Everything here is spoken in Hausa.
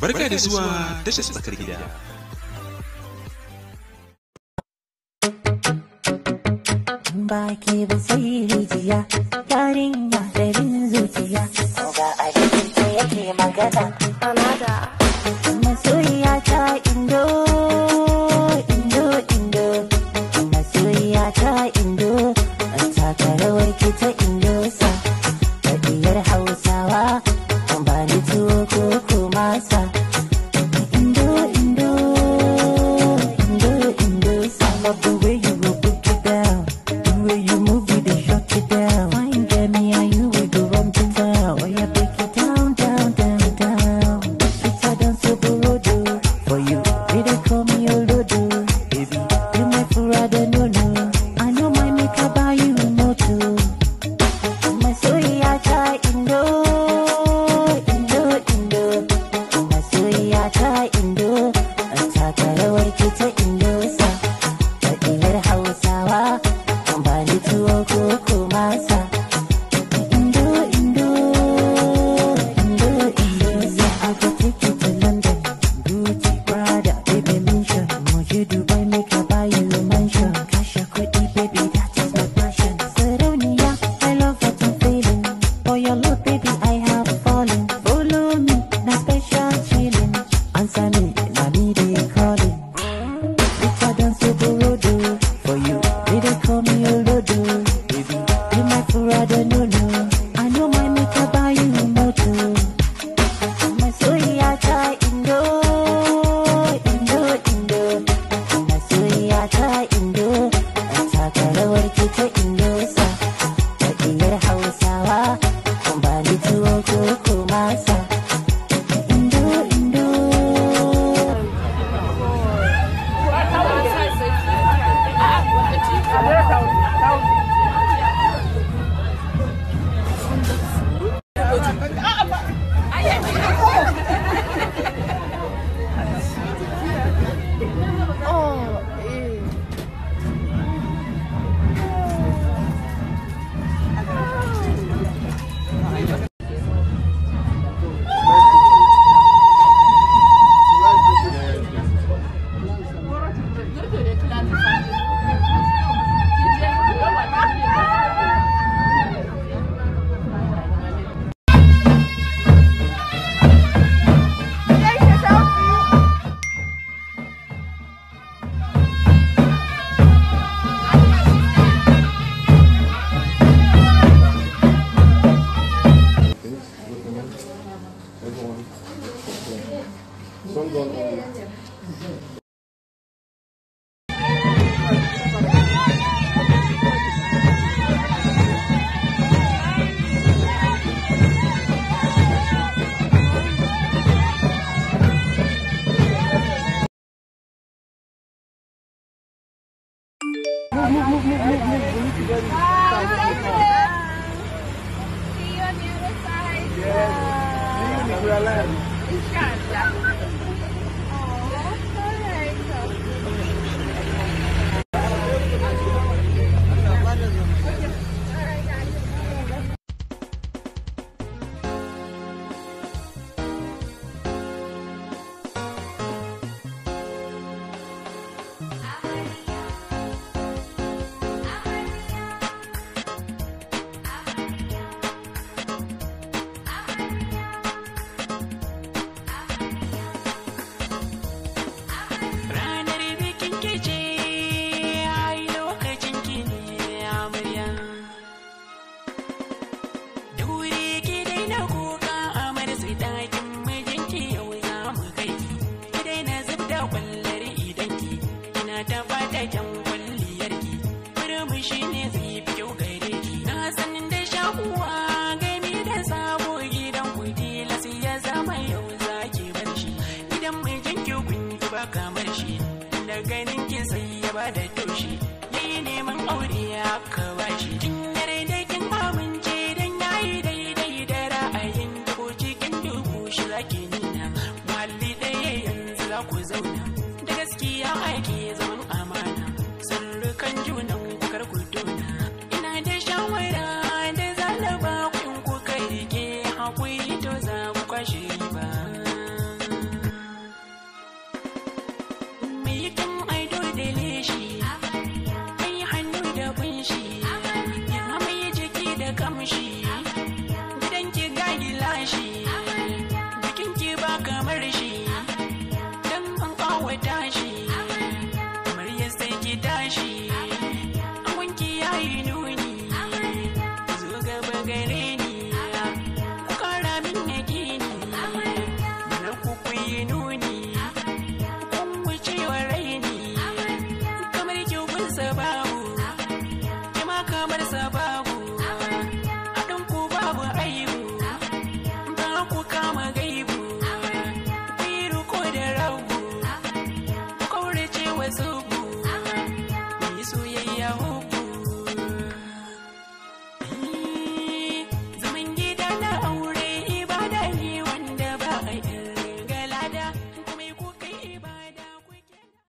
Barka da zuwa tashar tsakar gida. Baki ba sai rijiya, yarinya da bin zuciya. Ga a ta yake magana. Amada. Masoyiya ta indo, indo, indo. Masoyiya ta indo, ta ta さに涙嗯。shi ne zai fi kyau gare ki na sanin da shakuwa gami da sabo gidan kudi lasi ya zama yau za ki bar shi idan mai jinki kun ba kamar shi da ganin ki sai ya ba da toshi ne neman aure ya kawa shi kin dare da kin amince dan yayi daidai da ra'ayin ko cikin dubu shi zaki nuna